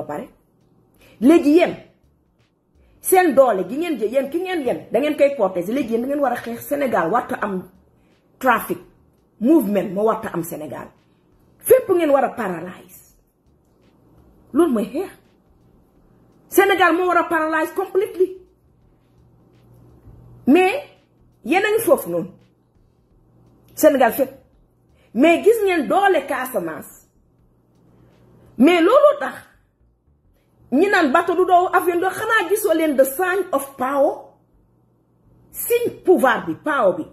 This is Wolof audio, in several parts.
ba pare léegi yéen seen doole gi ngeen jël yéen ki ngeen yéen da ngeen koy protéger léegi yéen da ngeen war a xeex Sénégal warta am trafic movement moo warta am senegal fépp ngeen war a paralyse loolu mooy xeex Sénégal moo war a paralyse completely mais yéen a ngi foofu noonu Sénégal fépp mais gis ngeen doole Casamance mais loolu tax. ñi naan bateau du doo avion doo xanaa gisoo leen the sign of power signe pouvoir bi power bi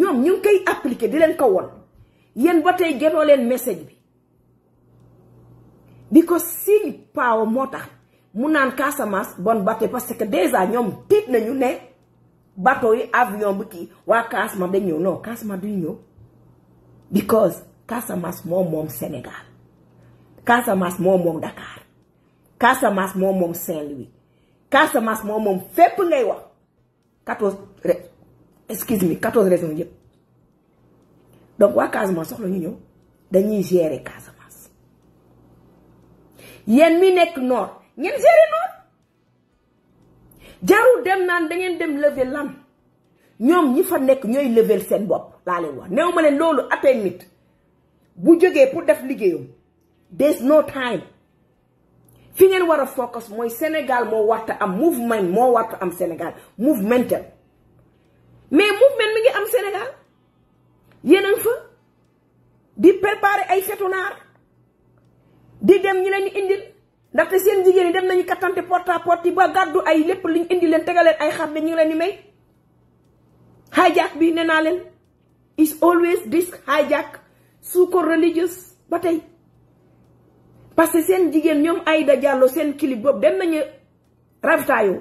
ñoom ñu ngi koy appliquer di leen ko won yéen ba tey génnoo leen message bi because signe power moo tax mu naan Casamance bon bateau parce que déjà ñoom tiit nañu ne bateau yi avion bi kii waa Casamance dañ ñëw non Casamance duñ ñëw because Casamance moom moom Sénégal Casamance moom moom Dakar Casamance moom moom Saint-Louis Casamance moom moom fépp ngay wax quatorze ré excuse me quatorze régions yëpp donc waa Casamance soxla ñu ñëw dañuy gérer Casamance Yen mi nek nor. ngeen gérer nor. Jaru dem naan da dem lever lam. ñoom ñi fa nekk ñooy sen seen bopp laa leen wax néew ma leen loolu atee bu jógee pour def liggéeyam there's no time. fi ngeen war a focus mooy Sénégal moo warta am mouvement moo warta am Sénégal mouvemental mais mouvement mi ngi am Sénégal yéen fa di préparer ay fetu naar di dem ñi leen indil ndaxte seen jigéen yi dem nañu kattante porte à porte yi ba gàddu ay lépp liñ indi leen tegaleen ay xar ne ñu ngi leen di may hijack bi ne naa leen is always risk hijack suukar religious ba tey parce que seen jigéen ñoom ay Diallo seen clip boobu dem nañu ravitaayoo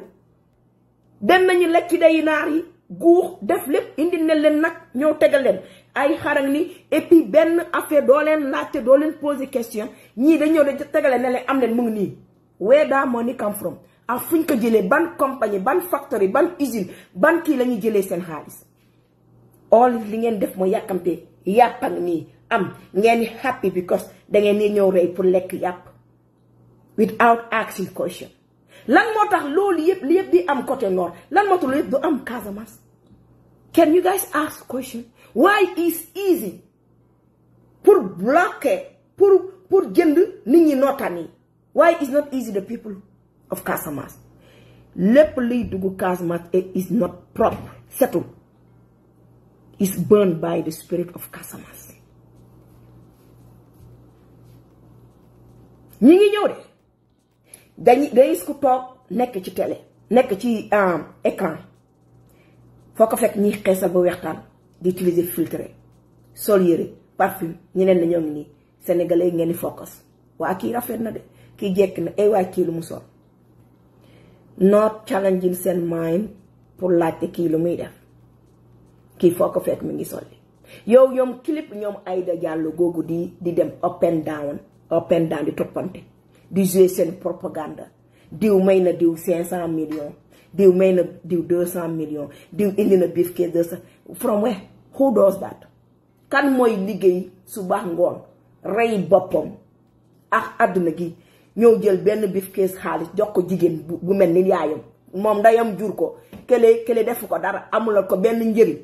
dem nañu lekki day naar yi guux def lépp indi na leen nag ñëw tegal leen ay xarang ni et benn affaire doo leen laajte doo leen poser question ñii dañoo ñëw da tegale ne leen am leen mu ngi nii where that money come from ak ah, ko jëlee ban compagnie ban factory ban usine ban kii la jëlee seen xaalis all li ngeen def moo yàkkamte yàppang nii am ngeen happy because da ngeen di ñëw rey pour lekk yàpp without asking question lan moo tax loolu yëpp li yëpp di am côté nord lan moo tax loolu yëpp am Casamance can you guys ask question why is easy pour bloquer pour pour jënd nit ñi nootaan why is not easy the people of Casamance lépp luy dugg Casamance is not proper setul is burned by the spirit of Casamance ñi ngi ñëw de dañuy day gis toog nekk ci télé nekk ci euh, écran foo ko fekk ñi xeesal ba weextaan di utiliser filtre sol yëre parfume ñeneen na ngi nii sénégalais ngeen di focus waa kii rafet na de kii jekk na ay eh waay kii lu mu sol not challenging seen mind pour laajte kii lu muy def kii foo ko fekk mu ngi solli yow ñoom clip ñoom Aïda Diallo googu di di dem up and down open daan di toppante di jouer seen propagande diw may na diw 500 millions diw may na diw 200 millions diw indi na biif kee 200 from where who does that kan mooy liggéey su baax ngoon rey boppam ak àdduna gi ñëw jël benn biif xaalis jox ko jigéen bu mel ni yaayam moom ndeyam jur ko kële kële defu ko dara amulal ko benn njëriñ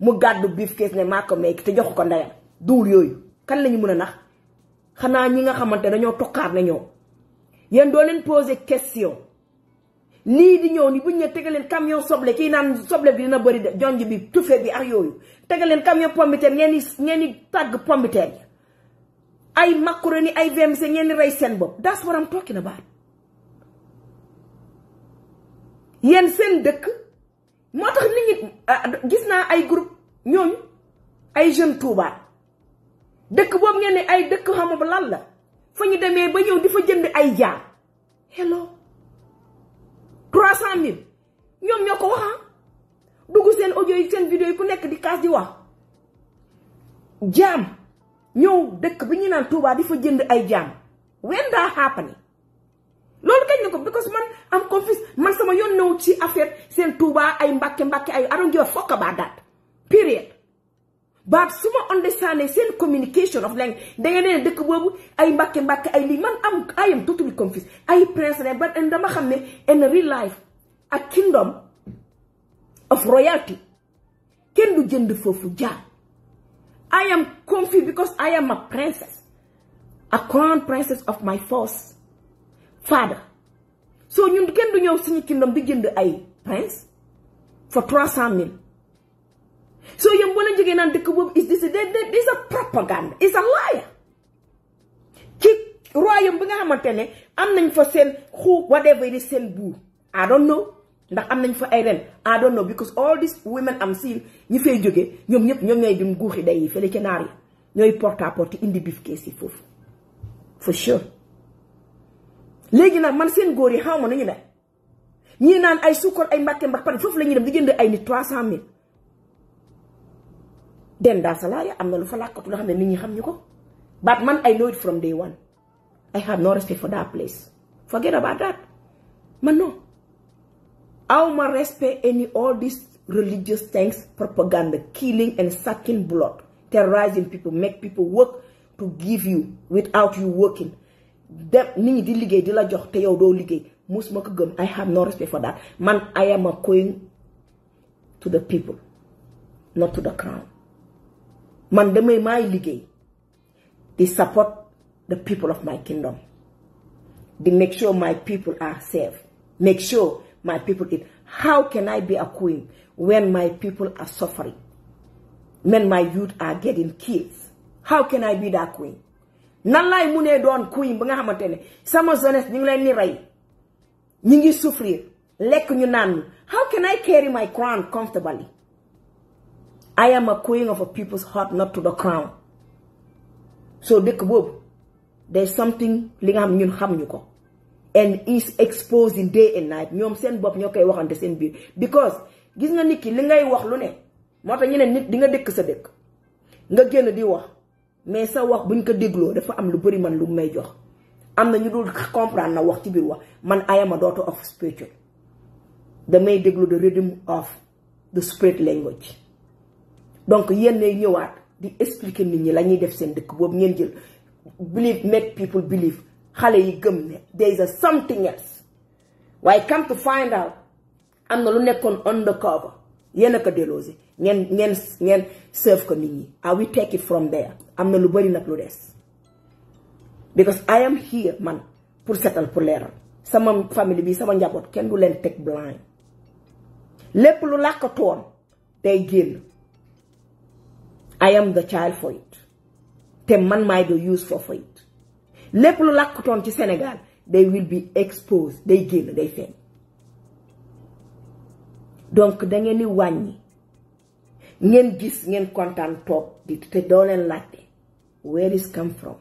mu gàddu biif kees ne maa ko meek te jox ko ndeyam duul yooyu kan lañu mën a nax xanaa ñi nga xamante dañoo tokkaar ne ñoom yéen doo leen posé question lii di ñëw ni buñ ne tegaleen camion soble kii naan soble bi dina bëri de jonj bi tufe bi ak yooyu tegaleen camion pombiteer ngeen di ngeen di tàgg pombiteer yi ay macaroni ay VMC ngeen di rey seen bopp that's what I'm na about yéen seen dëkk moo tax nit ñi ah, gis naa ay groupe ñooñu ay jeunes Touba. dekk bo ngeen ni ay dekk xam ba lan la fa démé ba ñew difa jënd ay jaar hello 300000 ñom ñoko wax ah dugg seen audio yi seen vidéo yi ku nekk di kaas di wax jaam ñew dekk bi ñu naan Touba difa jënd ay jaam when that happen loolu kañ nako because man am confused man sama yon new ci affaire seen Touba ay mbacke mbacke ay I don't give a fuck about that period But su understand the same communication of language da are ne dëkk boobu ay mbàkke mbàkke ay lii man am I am totally confused ay prince ne ba dama xam ne in real life a kingdom of royalty kenn du jënd foofu I am confused because I am a princess a crown princess of my first father so ñun kenn du ñëw suñu kingdom di jënd ay prince for trois cent so yéen boo leen jógee naan dëkk is this a is a propaganda is a liar. ci royaume bi nga xamante am nañ fa seen xu whatever it is seen buur I don't know ndax am nañ fa ay ren I don't know because all these women i am seen ñi fay jógee ñoom ñëpp ñoom ñooy dem guuxi day yi fële ca naar yi ñooy porte à porte indi bif kees yi foofu for sure léegi nag man seen góor yi xaw ma nañu ne ñii naan ay suukar ay mbàkke mbàkke pare foofu la ñuy dem di jënd ay nit 300000 dem daa i am na lu fa làkkatu loo xam ne nit ñi xam ñu go. but man I know it from day one I have no respect for that place forget about that man no aw ma respect any all these religious things propaganda killing and sucking blood terrorizing people make people work to give you without you working dem nit ñi di liggéey di la jox te yow ko gëm I have no respect for that man I am a going to the people not to the crown man my maay They di support the people of my kingdom di make sure my people are safe make sure my people eat how can I be a queen when my people are suffering when my youth are getting killed how can I be that queen nan laay mu nee queen ba nga xamante ne sama jeunesse ñu ngi ni rey ñu ngi souffrir lekk ñu how can I carry my crown comfortably I am a queen of a people's heart, not to the crown. So dëkk boobu there's something li nga xam and is exposing day and night ñoom seen bopp ñoo koy waxante seen biir because gis nga nit ki li ngay wax lu ne moo tax ne nit di nga dëkk sa dëkk nga génn di wax mais sa wax buñ ko dégloo dafa am lu bari man lu may jox am na ñu dul comprendre na wax ci biir wax man I am a daughter of spiritual damay déglu the rhythm of the spirit language donc yéen lay ñëwaat di expliquer nit ñi la ñuy def seen dëkk boobu ngeen jël believe make people believe xale yi gëm ne there is a something else waaye come to find out am na lu nekkoon undercover yéen a ko déloger ngeen ngeen ngeen serve ko nit ñi ah we take it from there am na lu bëri nag lu des because I am here man pour settle pour leeral sama famille bi sama njaboot kenn du leen teg blind lépp lu làkkatoon day génn I am the child for it te man maay the use for it lépp lu làkkutoon ci senegal they will be exposed day génn day feeñ donc da ngeen di wàññi ngeen gis ngeen kontaan toog di te doo leen laajte where is come from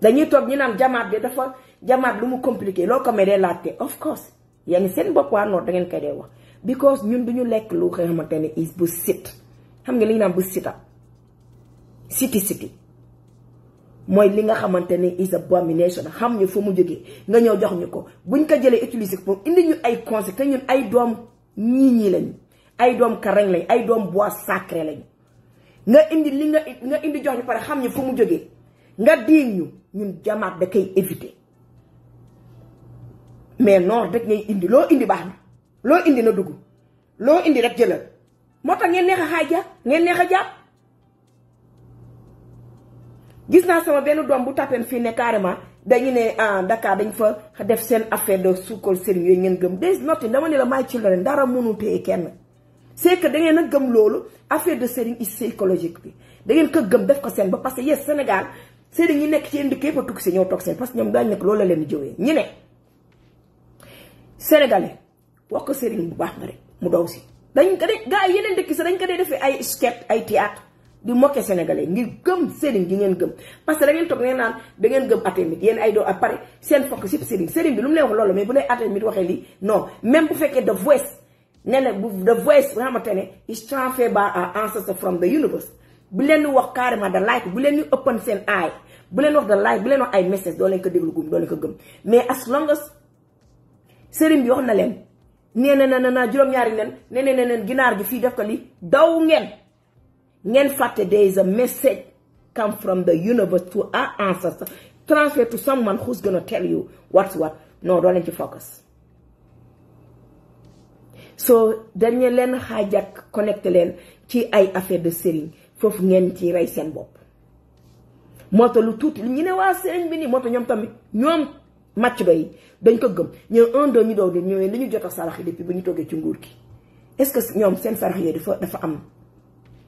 dañuy toog ñu naan jamaat de dafa jamaat lu mu compliqué loo ko me dee laajte of course yéen seen bopp waa noor da ngeen koy dee wax because ñun duñu lekk lu nga xamante ne is bu sit xam nga li ñu naan bu sita siti siti mooy li nga xamante ni is abomination xam ñu fu mu jógee nga ñëw jox ñu ko bu buñ ko jëlee utiliser pour indi ñu ay conseil te ñun ay doom ñii ñii lañ ay doom karañ lañ ay doom bois sacré lañ nga indi li nga indi jox ñu pare xam ni fu mu jógee nga diin ñu ñun jamaat da koy éviter mais noor rek ngay indi loo indi baax na loo indi na dugg loo indi rek jëlal moo tax ngeen neex a xaaja ngeen neex a jàpp gis naa sama benn doom bu tàppeen fii ne carrément dañu ne ah Dakar dañ fa def seen affaire de sukkal sëriñ yooyu ngeen gëm des notti dama ne la may ci leneen dara mënu téye kenn c'est que da a gëm loolu affaire de sëriñ is psychologique bi da ngeen ko gëm def ko seen ba parce que yes Sénégal sëriñ yi nekk ci indi képp a tukki si ñëw toog seen parce que ñoom daañu nekk loolu la leen jëwee ñu ne sénégalais wax sëriñ bu baax nga mu daw si. dañ ko de gaay yeneen dëkk sa dañ ko de defee ay sketch ay théâtre di moquer sénégalais ngir gëm sëriñ gi ngeen gëm parce que da ngeen toog ngeen naan da ngeen gëm atémit yéen ay doo à pare seen fokk sip sëriñ sëriñ bi lu mu lay wax loolu mais bu lay atémit waxee lii non même bu fekkee de voice ne la bu de voice nga xamante ne is transferred by our ancestors from the universe bu leen di wax carrément da like bu leen di open seen eye bu leen wax da like bu leen wax ay message doo leen ko déglu gum doo leen ko gëm mais as long as sëriñ bi wax na leen nee na na na juróom-ñaari nen nee na nen ginaar gi fii def ko li daw ngeen ngeen fàtte there is a message come from the universe to our ancestors transfer to someone who's gonna tell you what's what No doo leen ci focus. so dañu leen xaajak connecté leen ci ay affaire de sëriñ foofu ngeen ci rey seen bopp moo tax lu tuuti ñu ne wa sëriñ bi nii moo tax ñoom tamit ñoom. màcc ba dañ ko gëm ñoom un demi doog di ñoo li ñu jot a sarax yi depuis bu ñu toggee ci nguur gi est-ce que ñoom seen sarax yooyu dafa dafa am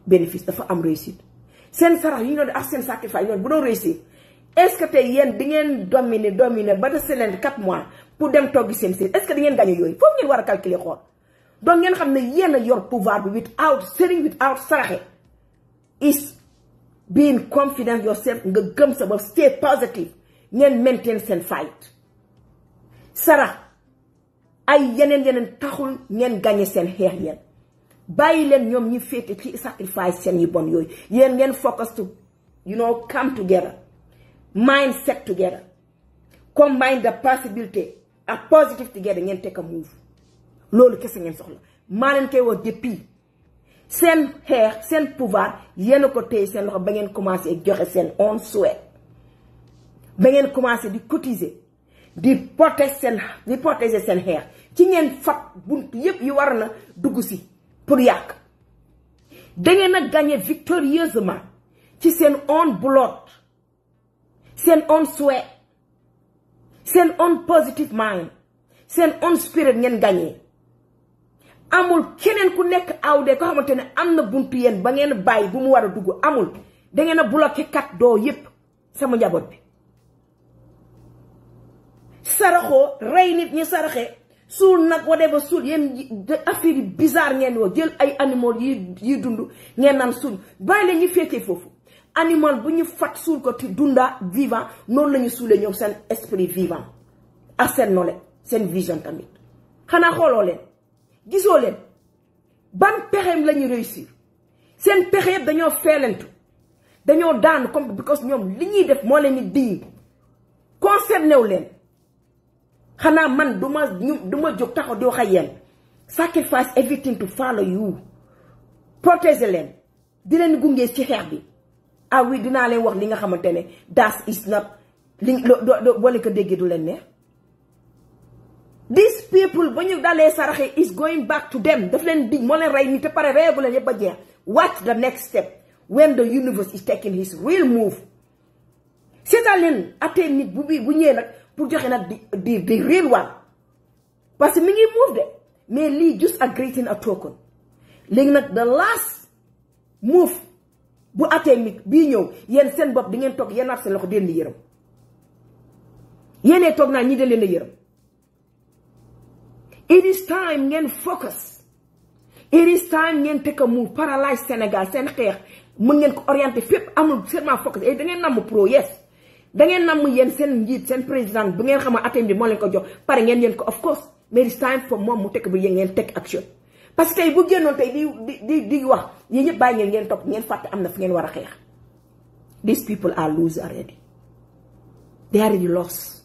bénéfice dafa am réussite seen sarax yi ñu doon ak seen sacrifice ñoom bu doon réussir est-ce que tey yéen di ngeen dominer ba dese leen 4 mois pour dem toggi seen seen est-ce que di ngeen gagné yooyu foofu ngeen war a calculer xool donc ngeen xam ne yéen a yor pouvoir bi without sëriñ without saraxe is being confident yourself nga gëm sa bopp stay positive ngeen maintain seen fight Sarah, ay yeneen yeneen taxul ngeen gañe sen xeex yeen bàyyi leen ñoom ñi féete ci sacrifice sen yi bon yooyu yéen ngeen focus to you know come together mindset together combine the possibility a positive together ngeen take a move loolu kese ngeen soxla maa leen koy wax depuis seen xeex seen pouvoir yéen a ko téye seen loxo ba ngeen commencé joxe sen on souhait ba ngeen commencé di cotiser di protéger seen di protéger seen xeex ci ngeen fab bunt yépp yi war na dugg si pour yàq dangeen a gagné victorieusement ci seen own blood seen own sweat seen own positive mind seen own spirit ngeen gagné amul keneen ku nekk awdee ko xamante ne am na buntu yéen ba ngeen bàyyi bu mu war a dugg amul dangeen a bloqué kat doo yépp sama njaboot bi saraxoo rey nit ñu saraxee suul nag wadee ba suul yéen affaire yi bizarre ngeen woo jël ay animaux yi yi dund ngeen naan suul bàyyi leen ñu féetee foofu animal bu ñu fat suul ko dundaa vivant noonu la ñu suulee ñoom seen esprit vivant ak seen nole seen vision tamit xanaa xooloo leen gisoo leen ban pexeem la ñu réussir seen pexe yëpp dañoo feelentu dañoo daan comme because ñoom li ñuy def moo leen di diñ concerné wu leen xanaa man duma duma ñu du ma jóg taxaw di sacrifice everything to follow you protéger leen di leen gunge ci xeex bi ah oui dinaa leen wax li nga xamante das is not li boole ko déggee du leen neex these people when you dalee saraxe is going back to them daf leen di ni te pare reyagu leen yëpp the next step when the universe is taking his real move seetaan leen atee nit bu bi bu ñëwee pour joxe nag di di di real one parce que mi ngi move de mais lii just a greeting a token léegi nag the last move bu atémique bii ñëw yéen seen bopp di ngeen toog yéen naat seen loxo di leen di yërëm yéenee toog naa ñi da leen di yërëm it is time ngeen focus it is time ngeen take a move paralyse Sénégal seen xeex mën ngeen ko orienté fépp amul seulement focus et eh, da namm pro yes da ngeen namm yéen seen njiit seen président bu ngeen xam ne atem bi moo leen ko jox pare ngeen yéen ko of course mais time for moom mu tekk bi yéen ngeen tekk action parce que tey bu génnoon tey di di di wax yéen ñëpp bàyyi ngeen ngeen topp ngeen fàtte am na fu ngeen war a xeex these people are lose already they are already lost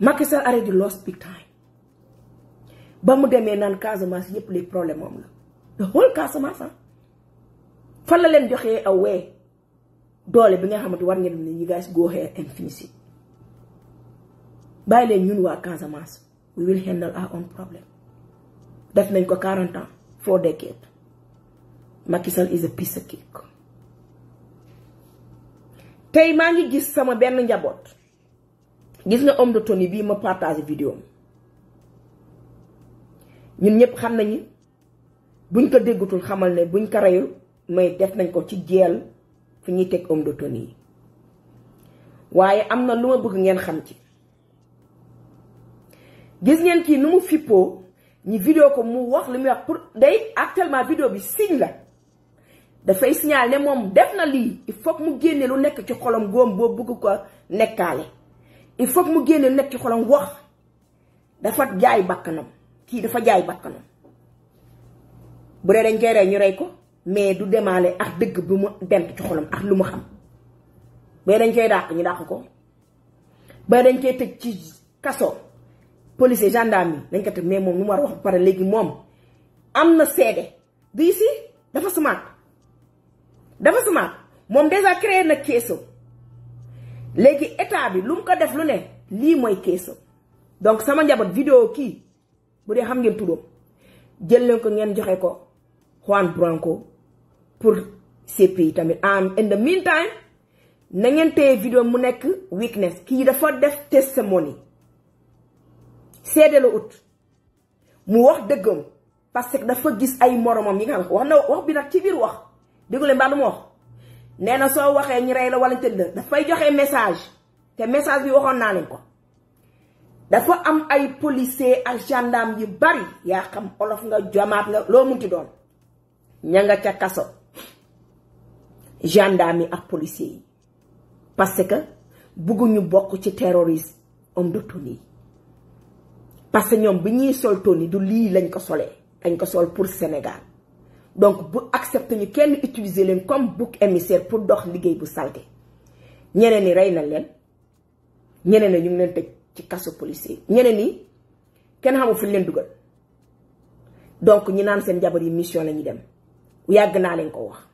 Macky Sall already lost big time ba mu demee naan Casamance yëpp les problème moom la the whole Casamance ah. fan la leen joxee awee doole bi nga xamante war ngeen ne ni guys go ahead and finish it bàyyi leen ñun waa Casamance we will handle our own problem def nañ ko 40 ans four decades Macky Sall is a piece of cake tey maa ngi gis sama benn njaboot gis nga homme de tenue bii ma partage vidéo ñun ñëpp xam nañu buñ ko déggutul xamal ne buñ ko reyul may def nañ ko ci jeel fi ñuy teg om de yi waaye am na lu ma bëgg ngeen xam ci gis ngeen kii nu mu fippoo ñi vidéo ko mu wax li muy wax pour day actuellement vidéo bi signe la dafay signal ne moom def na lii il faut mu génne lu nekk ci xolam góom boo bëgg ko nekkaale il faut mu génne lu nekk ci xolam wax dafa jaay bakkanam kii dafa jaay bakkanam bu dee dañ koy rey ñu rey ko mais du demaale ak dëgg bi mu benn ci xolam ak lu mu xam ba dañ koy dàq ñu dàq ko ba dañ koy tëj ci kaso policier gendarme yi dañ ko tëj mais moom lu mu war a wax ba pare léegi moom am na seede bii si dafa sumaat dafa sumaat moom déjà créé na keesam léegi état bi lu mu ko def lu ne lii mooy keesam donc sama njaboot vidéo kii bu dee xam ngeen turam jël leen ko ngeen joxe ko Juan Branco pour ces yi tamit en in the meantime na ngeen téye vidéo mu nekk weakness kii dafa def testimony seede la ut mu wax dëggam parce que dafa gis ay moromam yi nga xam wax na wax bi nag ci biir wax déggu leen mbaa mu wax nee na soo waxee ñi rey la wala tëdd la dafay joxe message te message bi waxoon naa leen ko dafa am ay policier ak gendarme yu bari yaa xam olof nga jamaat nga loo munti doon ña nga ca kaso gendarme yi ak policier yi parce que bëgguñu bokk ci terroriste homme de tenue parce que ñoom bi ñuy sol tenue du lii lañ ko solee dañ ko sol pour Sénégal donc bu accepté ñu kenn utiliser leen comme bouc émissaire pour dox liggéey bu salte ñeneen yi rey na leen ñeneen ñi ñu ngi leen tëj ci kaso policier ñeneen yi kenn xamul fu leen dugal donc ñi naan seen jabar yi mission lañuy ñu dem yàgg naa leen ko wax.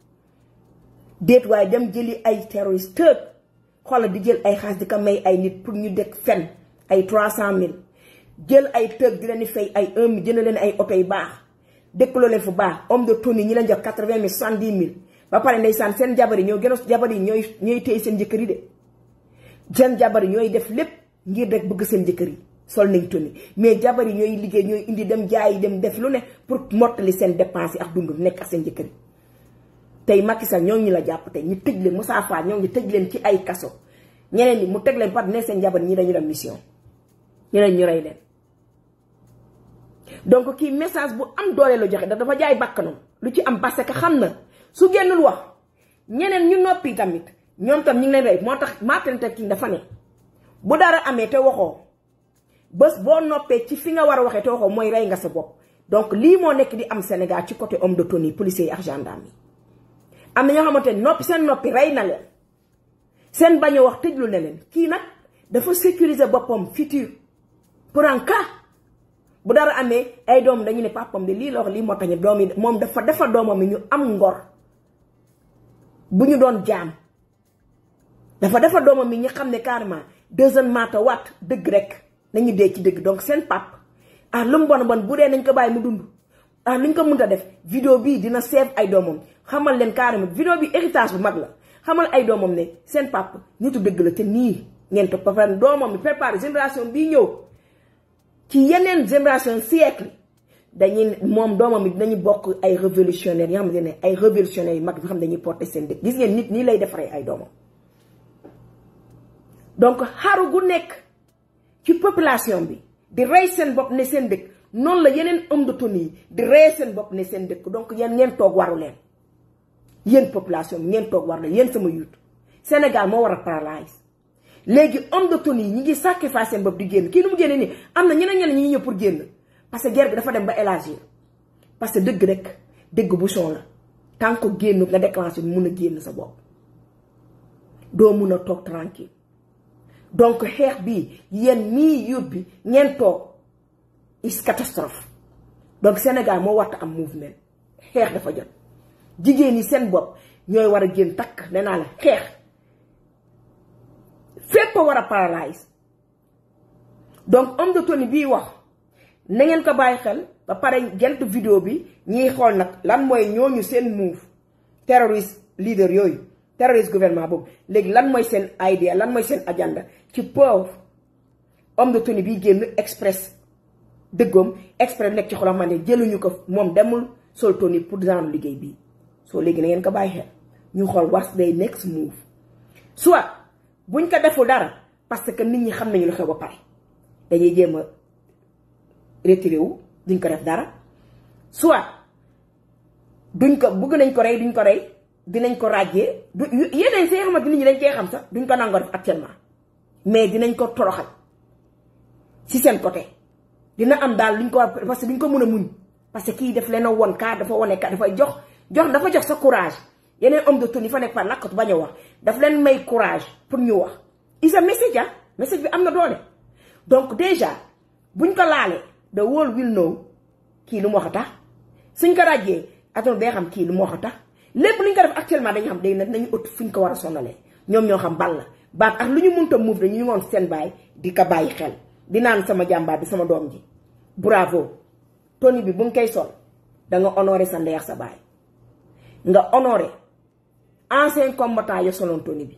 déet waaye dem jëli ay terroriste tëb xoolal di jël ay xaalis di may ay nit pour ñu dëkk fen ay 300000 jël ay tëg di leen fay ay 1 mi jënd leen ay oto yu baax dëkkaloo leen fu baax homme de tenue ñi leen jox 80000 70000 ba pare ndeysaan seen jabar yi ñoo gën a jabar yi ñooy ñooy téye seen de jen jabari yi ñooy def lépp ngir rek bëgg seen jëkkër sol nañ tenue mais jabari yi ñooy liggéey ñooy indi dem jaayi dem def lu ne pour mottali sen dépense yi ak dund nekk ak seen jëkkër tey Macky Sall ñoo ngi la jàpp tey ñu tëj leen Moussa Fall ñoo ngi tëj leen ci ay kaso ñeneen ñi mu teg leen par ne seen jabar ñi dañu dem mission ñeneen ñu rey leen. donc kii message bu am doole la joxe dafa jaay bakkanam lu ci am parce que xam na su génnul wax ñeneen ñu noppi tamit ñoom tam ñu ngi leen rey moo tax Martin Luther King dafa ne bu dara amee te waxoo bés boo noppee ci fi nga war a waxee te waxoo mooy rey nga sa bopp donc lii moo nekk di am Sénégal ci côté homme de tenue policiers yi ak am na ñoo xamante ni noppi seen noppi rey na leen seen bañ wax tëjlu na leen kii nag dafa sécuriser boppam futur pour en bu dara amee ay doom dañu ne papam de lii la wax lii moo tax ñu doom yi moom dafa dafa doomam yi ñu am ngor bu ñu doon jaam dafa dafa doomam yi ñu xam ne carrément deuxième maata waat dëgg rek nañu dee ci dëgg donc seen pap ah lu mu bon bon bu dee nañ ko bàyyi mu dund ah ni nga ko mënta def vidéo bii dina seet ay doomam xamal leen carrément vidéo bi héritage bu mag la xamal ay doomam ne seen papa nitu dëgg la te nii ngeen topp ba pare doomam bi préparé génération bii ñëw ci yeneen génération siècle dañuy moom doomam bi dinañu bokk ay révolutionnaire yoo xamante ne ay révolutionnaire yu mag yoo xam ne dañuy porté seen dëkk gis ngeen nit nii lay defaree ay doomam donc xaru gu nekk ci population bi di rey seen bopp ne seen dëkk. noonu la yeneen homme de tenue yi di ree seen bopp ne seen dëkk donc yenn ngeen toog waru leen yéen population bi ngeen toog waru leen yéen sama yuut Sénégal moo war a paralyse léegi homme de tenue yi ñi ngi sacrifice seen bopp di génn kii nu mu génne nii am na ñeneen ñeneen ñi ngi ñëw pour génn parce que guerre bi dafa dem ba élargir parce que dëgg rek dëgg bouchon la tant que génn nga déclenché mun a génn sa bopp doo mun a toog tranquille donc xeex bii yéen mii yuut bi ngeen toog is catastrophe donc Sénégal moo warta am mouvement xeex dafa jot jigéen ñi seen bopp ñooy war a génn takk nee naa la xeex fépp a war a paralyse donc homme de tenue bii wax na ngeen ko bàyyi xel ba pare gent vidéo bi ñiy xool nag lan mooy ñoo ñu seen move terroriste leader yooyu terroriste gouvernement boobu léegi lan mooy seen idea lan mooy seen agenda ci pauvre homme de tenue bi génn express dëggoom exprès bi nekk ci xolam man ne jëluñu ko moom demul sol toni pour mu liggéey bii soo léegi na ngeen ko bàyyi xel ñu xool what's their next move soit buñ ko deful dara parce que nit ñi xam nañu lu xew ba pare dañuy jéem a retiré wu duñ ko def dara soit duñ ko bëgg nañ ko rey duñ ko rey dinañ ko ràjjee du yeneen see xamante nit ñi dañ cee xam sax duñ ko nangoo def actuellement mais dinañ ko toroxal ci seen côté. dina am daal luñ ko war parce que duñ ko mën a muñ parce que kii def leen a won kaar dafa wane kaar dafa jox jox dafa jox sa courage yeneen homme de tenue fa nekk par nakkatu bañ a wax daf leen may courage pour ñu wax is a message ah message bi am na doole donc déjà buñ ko laale the wool will know kii lu mu wax a tax suñ ko ràjjee aton day xam kii lu mu wax a tax lépp luñ ko def actuellement dañu xam day nag nañu ëtt fuñ ko war a sonalee ñoom ñoo xam bal la baat ak lu ñu mënta muuf dañu ñu ngoon seen baay di ko bàyyi xel di sama jàmbaar bi sama doom ji bravo toni bi bu nga koy sol da nga honoré sa ndey ak sa baay nga honoré ancien combattant ya soloon toni bi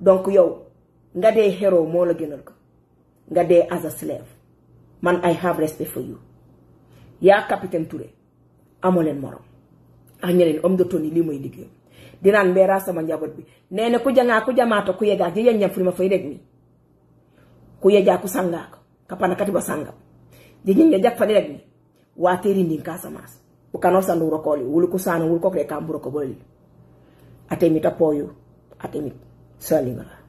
donc yow nga dee héros moo la gënal ko nga dee as slave man ay have respect for you yaa capitaine Touré amoo leen morom ak ñeneen homme de toni lii mooy liggéeyam dinaan mbeeraa sama njaboot bi nee na ku jangaa ku jamaata ku yegaa ji yeññam fi ma fay rek nii ku yegaa ku sangaa ko kapanakati ba sangam jigin ya jak ka gi wateri ndin kasamas ukano sandu rokoli wul ko sanu wul ko kre kam ko boli atemi tapoyo atemi salinga